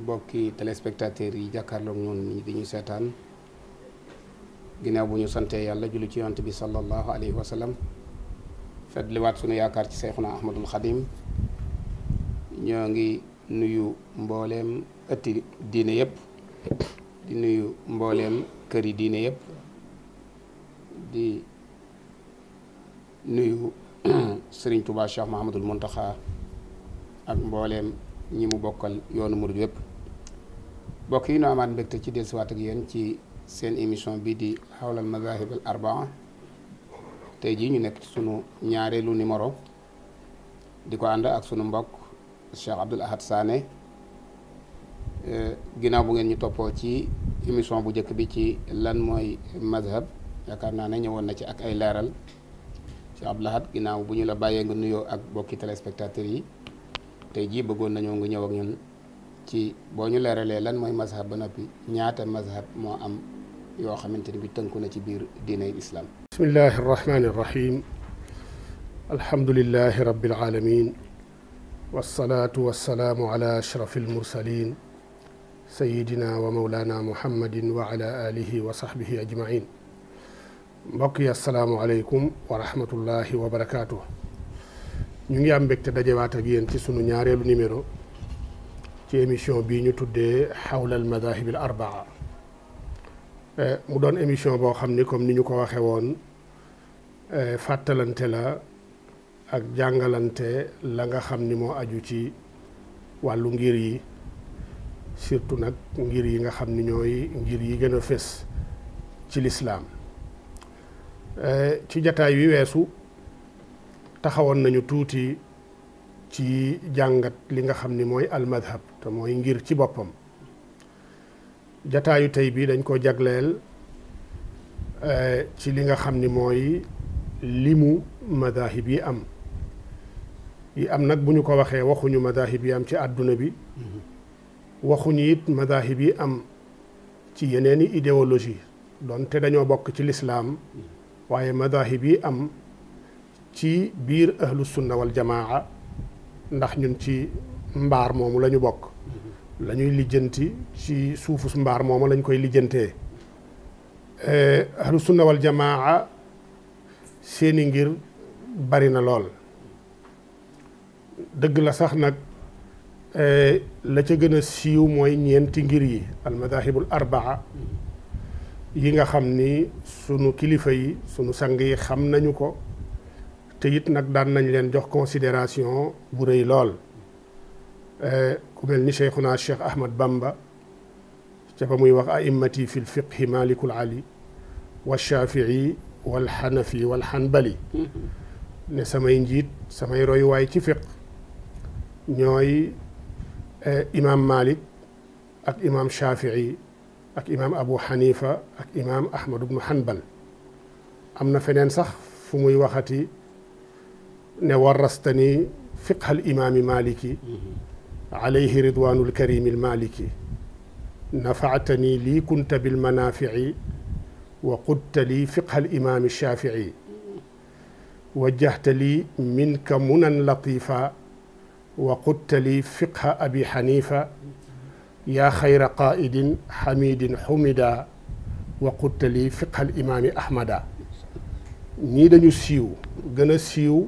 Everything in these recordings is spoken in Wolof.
mbokki téléspectateurs yi jàkkaarloog ñoom di ñu seetaan ginnaaw bu ñu santee yàlla julli ci yonent bi sallallahu alayhi wa sallam fetliwaat sunu yaakaar ci Seyxuna Ahmadul Xadim ñoo ngi nuyu mbooleem ëtti diine yëpp di nuyu mbooleem kër yi diine yëpp di nuyu Serigne Touba Cheikh Mahamadul Muntaxa ak mbooleem ñi mu bokkal yoonu murid yëpp bokk yi noo amaat mbégte ci dellusiwaat ak yéen ci seen émission bii di xawlal mazahib al arbaa tey jii ñu nekk ci sunu ñaareelu numéro di ko ànd ak sunu mbokk Cheikh Abdoul Ahad Sané euh, ginnaaw bu ngeen ñu toppoo ci émission bu njëkk bi ci lan mooy mazhab yaakaar naa ne ñëwoon na ci ak ay leeral Cheikh Abdoul Ahad ginnaaw bu ñu la bàyyee nga nuyoo ak bokki téléspectateurs yi tey jii bëggoon nañoo nga ñëw ak ñun ci boo ñu leeralee lan mooy mazhab ba noppi ñaata mazhab moo am yoo xamante ni bi tënku na ci biir diinay islaam bismillahi arrahmani irrahim alhamdulilahi rabbil alamin wasalaatu wasalaamu ala ashrafi almursalin sayidina wa maulana muhammadin wa ala alihi wa sahbihi ajmain mbokk yi asalaamualeykum wa rahmatullahi wa barakaatu ñu ngi am mbégte dajewaat ak yéen ci sunu ñaareelu numéro ci émission bii ñu tuddee xawla al madahib al arbaa mu doon émission boo xam ni comme ni ñu ko waxe woon fàttalante la ak jàngalante la nga xam ni moo aju ci wàllu ngir yi surtout nag ngir yi nga xam ni ñooy ngir yi gën a fés ci lislaam ci jataay wi weesu taxawoon nañu tuuti ci jàngat li nga xam ni mooy almadhab te mooy ngir ci boppam jataayu tey bii dañ ko jagleel eh, ci li nga xam ni mooy limu madahib yi am yi am nag bu ñu ko waxee waxuñu madahib yi am ci àdduna bi mm-hmm. waxuñu it madahib yi am ci yeneeni idéologie donte dañoo bokk ci lislaam mm-hmm. waaye madahib yi am ci biir ahlu sunna wal ndax ñun ci mbaar moomu lañu bokk lañuy lijjanti ci suufu mbaar moomu lañ koy lijjantee eh, ahlu sunna jamaa seeni ngir bari na lool dëgg la sax nag eh, la ca gën a siiw mooy ñeenti ngir yi almadahibul arbaa yi nga xam ni sunu kilifa yi sunu sang yi xam nañu ko te nag daan nañ leen jox considération bu rëy lool eh, ku mel ni cheikhuna cheikh ahmad bamba ca ba muy wax a'immati fi lfiqhi malikul ali wa shafii wal xanafi wal xanbali ne samay njiit samay royuwaay ci fiq ñooy eh, imam malik ak imam shafii ak imam abu xanifa ak imam ahmad ibnu xanbal am na feneen sax fu muy waxati ne warastani fiqhal imaami maliki alayhi ridwanul karimi al maliki nafaatani lii kunta bil manaafici wa qudta lii fiqhal imaami shaafici wajjahta lii minka munan latifa wa qudta lii fiqha abi xanifa yaa xayra qaa'idin xamidin xumida wa qudta lii fiqhal imaami ahmada ñii dañu siiw gën a siiw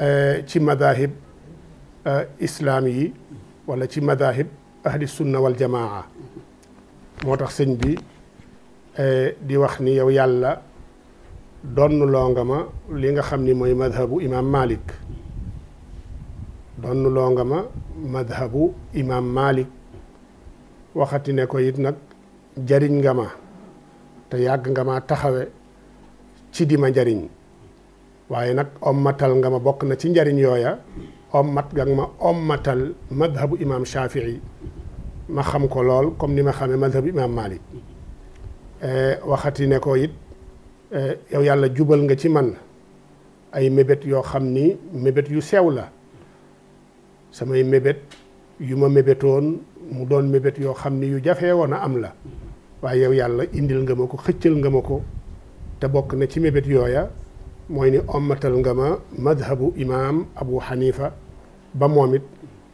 Eh, ci madahib eh, islaam yi wala ci madahib ahli sunna wal jamaa moo tax sëñ bi eh, di wax ni yow yàlla donn loo nga ma li nga xam ni mooy madhabu imaam malik donn loo nga ma madhabu imaam malik waxati ne ko it nag jariñ nga ma te yàgg nga ma taxawe ci di ma jariñ waaye nag ommatal nga ma bokk na ci njariñ yooya ommat nga ma ommatal madhabu imaam Shafii ma xam ko lool comme ni ma xamee madhabu imaam Malik e, waxati ne ko it e, yow yàlla jubal nga ci man ay mébét yoo xam ni mébét yu sew la samay mébét yu ma mébétoon mu doon mébét yoo xam ni yu jafee woon a am la waaye yow yàlla indil nga ma ko xëccal nga ma ko te bokk na ci mébét yooya mooy ni ommatal nga ma madhabu imaam Abu Hanifa ba moom it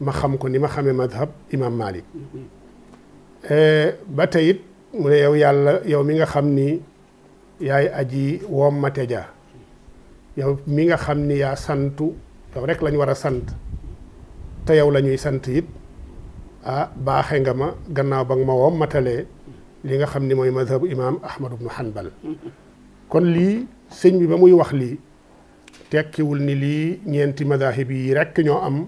ma xam ko ni ma xamee madhab imaam Malik e, ba tey it mu ne yow yàlla yow mi nga xam ni yaay aji woom mate ja yow mi nga xam ni yaa santu yow rek lañ war a sant te yow la ñuy sant it ah baaxe nga ma gannaaw ba nga ma woom li nga xam ni mooy madhabu imaam Ahmad ibnu Hanbal mm-hmm. kon lii sëñ bi ba muy wax lii tekkiwul ni lii ñeenti madahib yi rekk ñoo am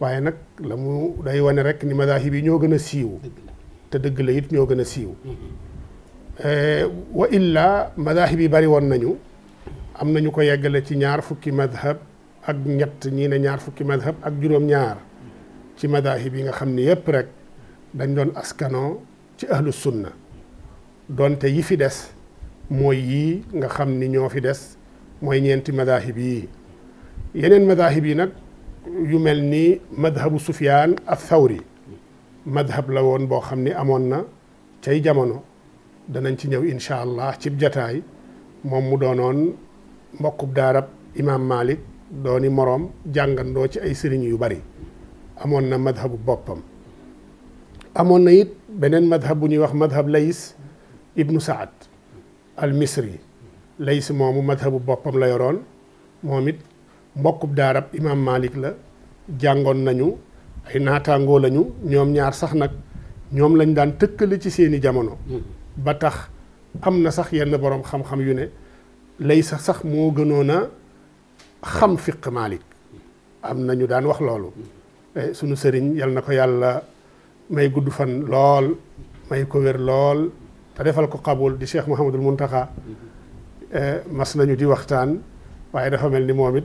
waaye nag la mu day wane rek ni madahib yi ñoo gën a siiw te dëgg la ñoo gën a siiw wa illa madahib yi bari woon nañu am nañu ko yeggale ci ñaar fukki madhab ak ñett ñii ne ñaar fukki madhab ak juróom-ñaar ci madahib yi nga xam ni yépp rek dañ doon askano ci ahlu sunna doonte yi fi des mooy yii nga xam ni ñoo fi des mooy ñeenti madahib yii yeneen madahib yi nag yu mel ni madhabu Sufyaan ath-Thawri madhab la woon boo xam ni amoon na cay jamono danañ ci ñëw incha allah cib jataay moom mu doonoon mbokkub daarab imaam Malik dooni moroom jàngandoo ci ay sëriñ yu bari amoon na madhabu boppam amoon na it beneen madhab bu ñuy wax madhab layis ibnu Saad al misri lay si moomu madhabu boppam la yoroon moom it mbokkub daarab imaam Malik la jàngoon nañu ay naataangoo lañu ñoom ñaar sax nag ñoom lañ daan tëkkale ci seeni jamono hmm. ba tax am na sax yenn boroom xam-xam yu ne lay sa sax moo gënoon a xam fiq Malik am na ñu daan wax loolu hmm. eh, sunu sëriñ yal na ko yàlla may gudd fan lool may ko lool te defal ko qabul di cheikh Mouhamadul Muntaxa eh, mas nañu di waxtaan waaye dafa mel ni moom it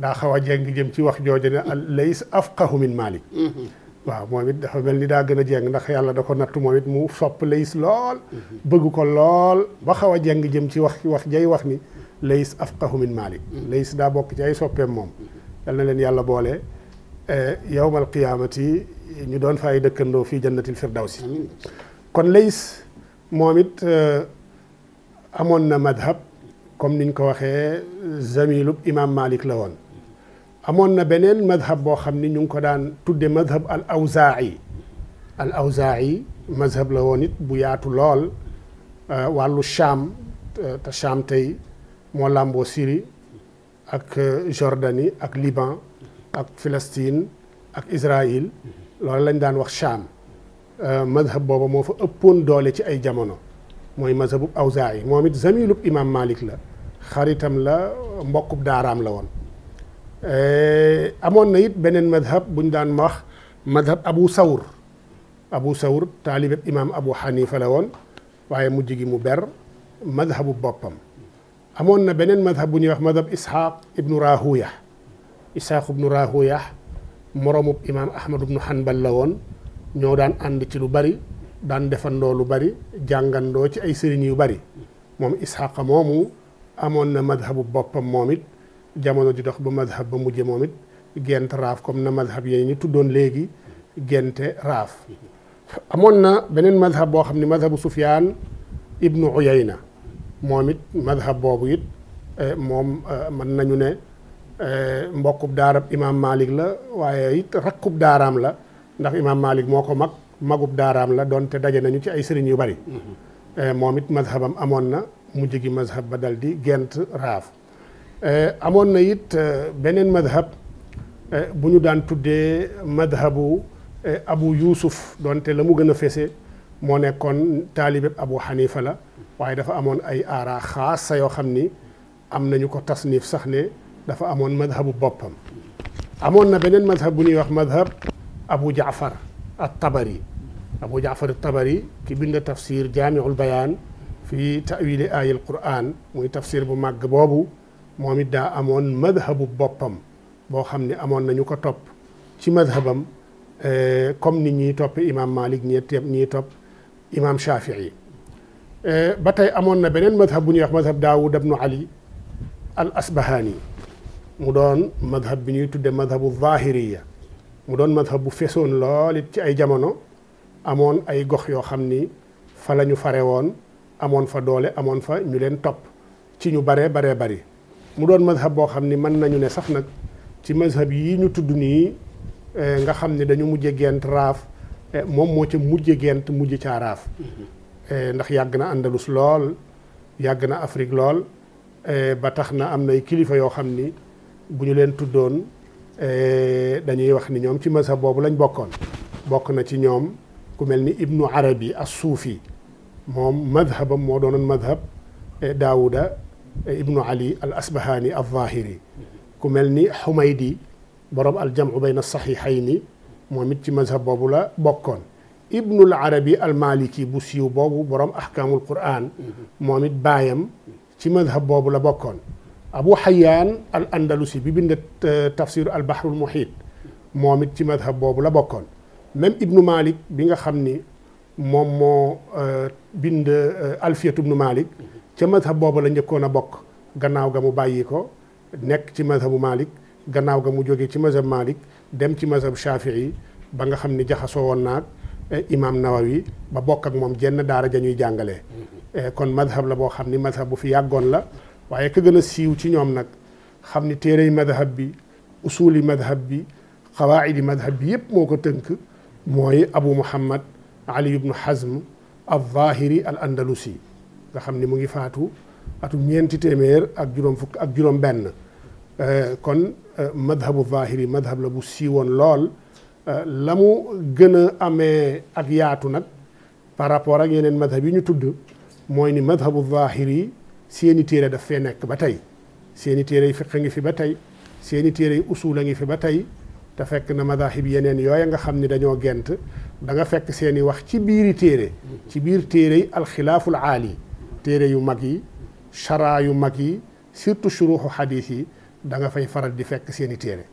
daa xaw a jeng jëm ci wax jooju ne lays af min Malik waaw moom it dafa mel ni daa gën a jeng ndax yàlla da nattu moom it mu sopp lays lool bëgg ko lool ba xaw a jeng jëm ci wax wax jay wax ni lays afqahu min Malik lays daa bokk ci ay soppeem moom yal na leen yàlla boole eh, yowmal qiyaamati ñu doon fa fay dëkkandoo fii jannatil firdawsi kon lays moom it euh, amoon na madhab comme niñ ko waxee zamilub imam malik la woon amoon na beneen madhab boo xam ni ñu ngi ko daan tudde madhab al awzaa'i al awzaa'i madhab la woon it bu yaatu lool euh, wàllu Cham euh, te Cham tey moo làmboo Syrie ak Jordanie ak Liban ak Palestine ak Israël loolu lañ daan wax Cham Euh, mazhab booba moo fa ëppoon doole ci ay jamono mooy mazhabub awzaayi moom it zamilub imam malik la xaritam la mbokkub daaraam la woon euh, amoon na yit beneen mazhab bu ñu daan wax mazhab abu sawr abu sawr taalibeb imam abu xanifa la woon waaye mujj gi mu ber mazhabu boppam amoon na beneen mazhab bu ñuy wax mazhab ishaq ibnu rahuya ishaq ibnu rahuya moroomub imam ahmad ibnu hanbal la woon ñoo daan ànd ci lu bari daan defandoo lu bari jàngandoo ci ay sëriñ yu bari moom Isxaaqa moomu amoon na madhabu boppam moom it jamono ji dox ba madhab ba mujje moom it gent raaf comme na madhab yee ñu tuddoon léegi gente raaf amoon na beneen madhab boo xam ne madhabu Sufyaan ibnu Uyayna moom it madhab boobu it eh, moom eh, mën nañu ne eh, mbokkub daarab imaam Malik la waaye it rakkub daaraam la ndax imaam Malik moo ko mag magub daaraam la doonte daje nañu ci ay sëriñ yu bari. Mm-hmm. Eh, moom it mazhabam amoon na mu gi mazhab ba dal di gent raaf. Eh, amoon na it eh, beneen mazhab bu ñu daan tuddee mazhabu abu yuusuf doonte la mu gën a fese moo nekkoon taalibeb abu waaye dafa amoon ay aara xaasa yoo xam ni am nañu ko tasnif sax ne dafa amoon mazhabu boppam. amoon na beneen mazhab bu ñuy wax mazhab abu jaafar al tabari abu jafar al tabari ki bind tafsir jaamiul bayaan fi tawili aayil quraan muy tafsir bu màgg boobu moom it daa amoon madhabu boppam boo xam ne amoon nañu ko topp ci madhabam eh, comme ni ñuy topp imaam malik ñi ñiy topp imaam shafii eh, ba tey amoon na beneen madhab bu ñuy wax madhab daawud abnu ali al asbahaani mu doon madhab bi ñuy tudde madhabu zahiriya mu doon mazhab bu fesoon lool it ci ay jamono amoon ay gox yoo xam ni fa la ñu fare woon amoon fa doole amoon fa ñu leen topp ci ñu baree baree bari mu doon mazhab boo xam ni mën nañu ne sax nag ci mazhab yii ñu tudd nii eh, nga xam ne dañu mujje gent raaf eh, moom moo ca mujje gent mujj caa raaf mm-hmm. eh, ndax yàgg na Andalus lool yàgg na Afrique lool ba tax na am nay kilifa yoo xam ni bu ñu leen tuddoon Eh, dañuy wax ni ñoom ci masa boobu lañ bokkoon bokk na ci ñoom ku mel ni ibnu arabi as suufi moom madhabam moo doonoon madhab eh, daawuda eh, ibnu ali al asbahani al zahiri ku mel ni xumaydi borom al jamu bayna saxiixayni moom it ci mazhab boobu la bokkoon ibnul arabi al maliki bu siiw boobu borom ahkaamul quraan mm-hmm. moom it baayam ci mazhab boobu la bokkoon abu xayaan al andalusi bi bind euh, tafsir al bahrul muhit moom it ci madhab boobu la bokkoon même ibnu malik bi nga xam ni moom moo euh, bind euh, alfiyatu ibnu malik ca madhab boobu la njëkkoon a bokk gannaaw ga mu bàyyi ko nekk ci madhabu malik gannaaw ga mu jógee ci mazhab malik dem ci mazhab shafii ba nga xam ni jaxasoo woon naag eh, imaam nawawi ba bokk ak moom jenn daara ja ñuy jàngale eh, kon madhab la boo xam ni madhab bu fi yàggoon la waaye ka gën a siiw ci ñoom nag xam ni téerey madhab bi usuli madhab bi xawaidi madhab bi yépp moo ko tënk mooy abu muhammad ali ibnu hazm al zahiri al andalusi nga xam ni mu ngi faatu atum ñeenti téeméer ak juróom fukk ak juróom benn eh, kon eh, madhabu zahiri madhab la bu siiwoon lool eh, la mu gën a amee ak yaatu nag par rapport ak yeneen madhab yi ñu tudd mooy ni madhabu zahiri seeni téere daf fee nekk ba tey seeni téere yi fiq ngi fi ba tey seeni téere yi usul a ngi fi ba tey te fekk na madahib yeneen yooya nga xam ni dañoo gent da nga fekk seeni wax ci biiri téere ci biir téere yi alxilaaful aali téere yu mag yi sharaa yu mag yi surtout shuruxu xadiis yi da nga fay faral di fekk seeni téere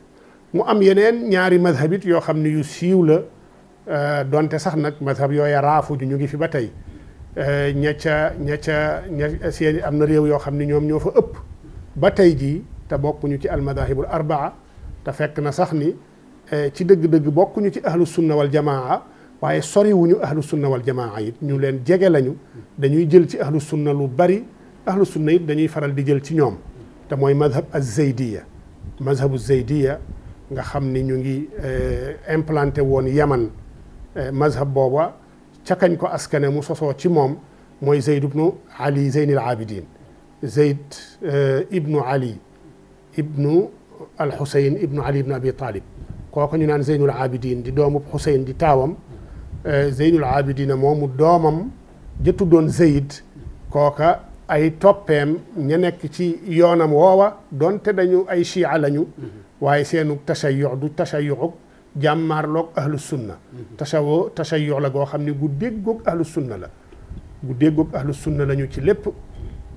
mu am yeneen ñaari madhabit yoo xam ne yu siiw la donte sax nag madhab yooya raafu ju ñu ngi fi ba tey Eh, ña ca ña ca ña am na réew yoo xam ni ñoom ñoo fa ëpp ba tey jii te bokkuñu ci almadahibul arbaa te fekk na sax ni eh, ci dëgg-dëgg bokkuñu ci ahlu sunna wal jamaa waaye soriwuñu ahlu sunna wal jamaa it ñu leen jege lañu dañuy jël ci ahlu sunna lu bari ahlu sunna it dañuy faral di jël ci ñoom te mooy madhab az-zaydiya madhabu zaydiya nga xam ni ñu ngi eh, implanté woon yaman madhab booba ca kañ ko askane mu sosoo ci moom mooy zeyd ibnu ali zeynil abidin zeyd euh, ibnu ali ibnu al xusayn ibnu ali ibnu abi talib kooku ñu naan zeynul abidin di doomub xusayn di taawam euh, zeynul abidina moomu doomam ja doon zeyd kooka ay toppeem ña nekk ci yoonam woowa donte dañu ay chia lañu mm-hmm. waaye seenu tashayyuc du tashayyuc jàmmaarloog ahlu sunna tasawoo mhm. tasayyox la goo xam ne gu déggoog ahlu sunna la gu déggoog ahlu sunna la ci lépp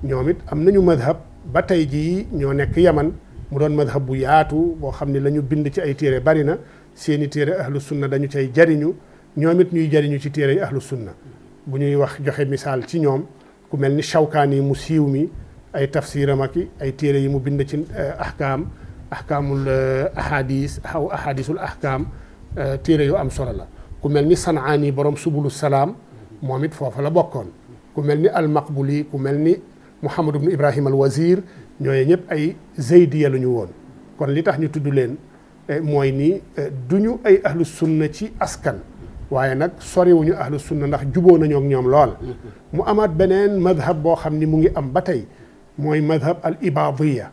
ñoom it am nañu madhab ba tey jii ñoo nekk yaman mu doon madhab bu yaatu boo xam ne la bind ci ay téere bari na seeni téere ahlu sunna dañu cay jariñu ñoom it ñuy jariñu ci téere yi ahlu sunna bu ñuy wax joxe misaal ci ñoom ku mel ni Shawkaani mu siiw mi ay tafsiram ak ay téere yi mu bind ci eh, ahkaam ahkaamul eh, ahadis aw ahadisul ahkaam eh, téere yu am solo la ku mel ni sanaani borom subulu salaam moom it foofa la bokkoon ku mel ni almaqbuli ku mel ni Mouhamadou ibnu Ibrahim al Wazir ñooñu ñëpp ay zaydiya la ñu woon kon li tax ñu tudd leen eh, mooy nii du ñu ay ahlu sunna ci askan waaye nag soriwuñu ahlu sunna ndax juboo nañoo ak ñoom lool mu amaat beneen madhab boo xam ni mu ngi am ba tey mooy madhab al ibadiya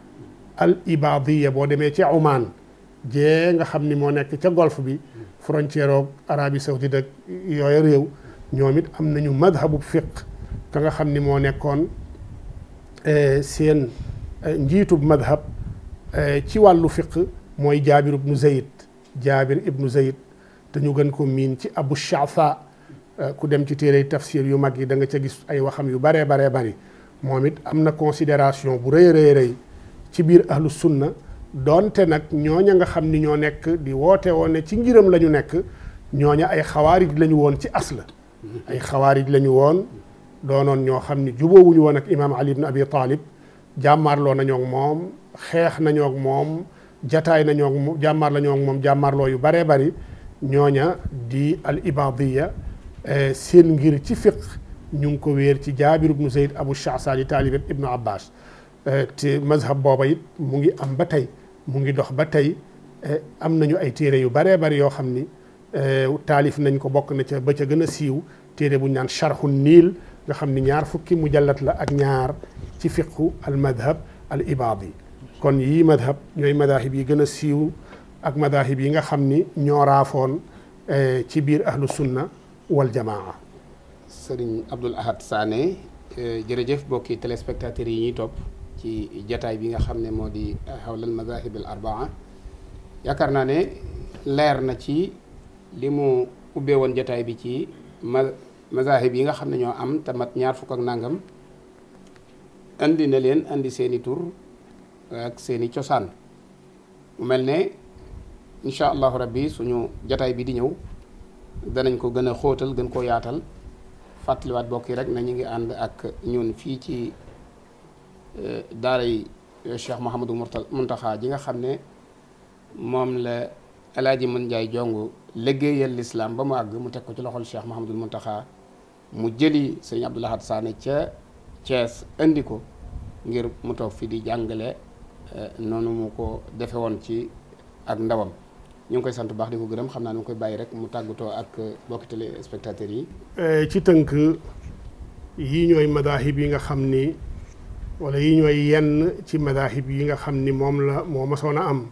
al ibadiya boo demee ci Oman jee nga xam ni moo nekk ca golfe bi frontière ak Arabie saoudite ak yooyu réew ñoom it am na nañu madhabu fiq ka nga xam ni moo nekkoon eh, seen eh, njiitub madhab eh, ci wàllu fiq mooy jaabir ibnu zayd jaabir ibnu zayd te ñu gën ko miin ci abu shafa ku dem ci téere tafsir yu mag yi da nga ca gis ay waxam yu baree baree bari moom it am na considération bu rëy rëy rëy ci biir ahlu sunna doonte nag ñooña nga xam ni ñoo nekk di woote woon ne ci ngiram lañu nekk ñooña ay xawaarij lañu woon ci as ay xawaarij lañu woon doonoon ñoo xam ni jubawuñu woon ak imaam Ali ibn Abi Talib jàmmaarloo nañoo ak moom xeex nañoo ak moom jataay nañoo ak moom jàmmaar moom jàmmaarloo yu baree bari ñooña di al ibadiya e, seen ngir ci fiq ñu ngi ko wéer ci jaabir ibnu Zayd abu Shahsani taalib ibnu Abbas te eh, mazhab booba it mu ngi am ba tey mu ngi dox ba tey eh, am nañu ay téere yu baree bari yoo xam ni eh, taalif nañ ko bokk na ca ba ca gën a siiw téere bu ñu naan charhu niil nga xam ni ñaar fukki mujallat la ak ñaar ci fiqhu al madhab al ibaadi kon yii madhab ñooy madahib yi gën a siiw ak madahib yi nga xam ni ñoo raafoon ci biir ahlu sunna wal jamaa sëriñ Abdoul Ahad Sané jërëjëf mbokki téléspectateurs yi ñuy topp ci jataay bi nga xam ne moo di xawlal madahib al arbaa yaakaar naa ne leer na ci li mu ubbee woon jataay bi ci ma mazahib yi nga xam ne ñoo am te ñaar fukk ak nangam indi na leen andi seeni tur ak seeni cosaan mu mel ne incha allahu rabbi suñu jataay bi di ñëw danañ ko gën a xootal gën koo yaatal fàttaliwaat bokk yi rek na ñu ngi ànd ak ñun fii ci Euh, daara yi euh, Cheikh Mouhamadou Mourtal Mountakha ji nga xam ne moom la El Hadj Mën Njaay jongu liggéeyal lislaam ba mu àgg mu teg ko ci loxol Cheikh Mouhamadou Mountakha mu jëli sëñ Abdou Lahad Sané ca Thiès indi ko ngir mu toog fi di jàngale euh, noonu mu ko defe woon ci ak ndawam ñu ngi koy sant baax di ko gërëm xam naa nu ngi koy bàyyi rek mu tàggatoo ak mbokki téléspectateurs yi. ci tënk yi ñooy madaahib yi nga xam ni. wala yi ñooy yenn ci madahib yi nga xam ni moom la moo mosoon a am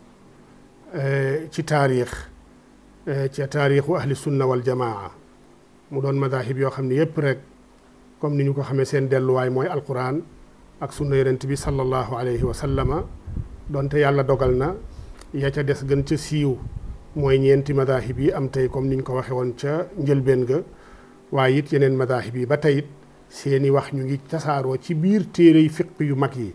eh, ci taarix eh, ci taarixu ahli sunna wal jamaa mu doon madahib yoo xam ne yépp rek comme ni ñu ko xamee seen delluwaay mooy alquran ak sunna yonent bi sallallahu alayhi wa sallama donte yàlla dogal na ya ca des gën ca siiw mooy ñeenti madahib yi am tey comme ni ñu ko waxee woon ca njëlbeen ga waaye it yeneen madahib yi ba tey seeni wax ñu ngi tasaaroo ci biir téere yi fiq yu mag yi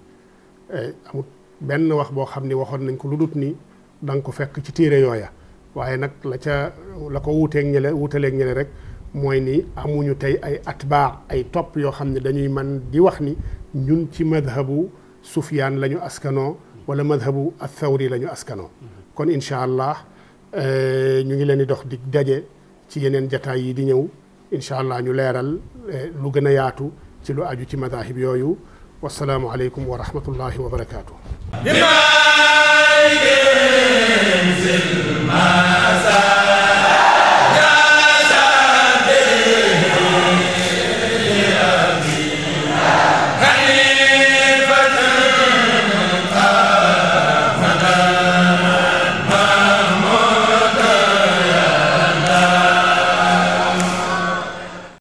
eh, amut benn wax boo xam ni waxoon nañ ko lu dut nii da ko fekk ci téere yooya waaye nag la ca la ko wuuteeg ñele wuutaleeg ñele rek mooy ni amuñu tey ay atbaa ay topp yoo xam ne dañuy man di wax ni ñun ci madhabu sufyaan la ñu askanoo wala madhabu athawri la ñu askanoo kon incha allah eh, ñu ngi leen di dox di daje ci yeneen jataay yi di ñëw incha allah ñu leeral eh, lu gën a yaatu ci lu aju ci madahib yooyu wasalaamu aleykum wa rahmatullahi wa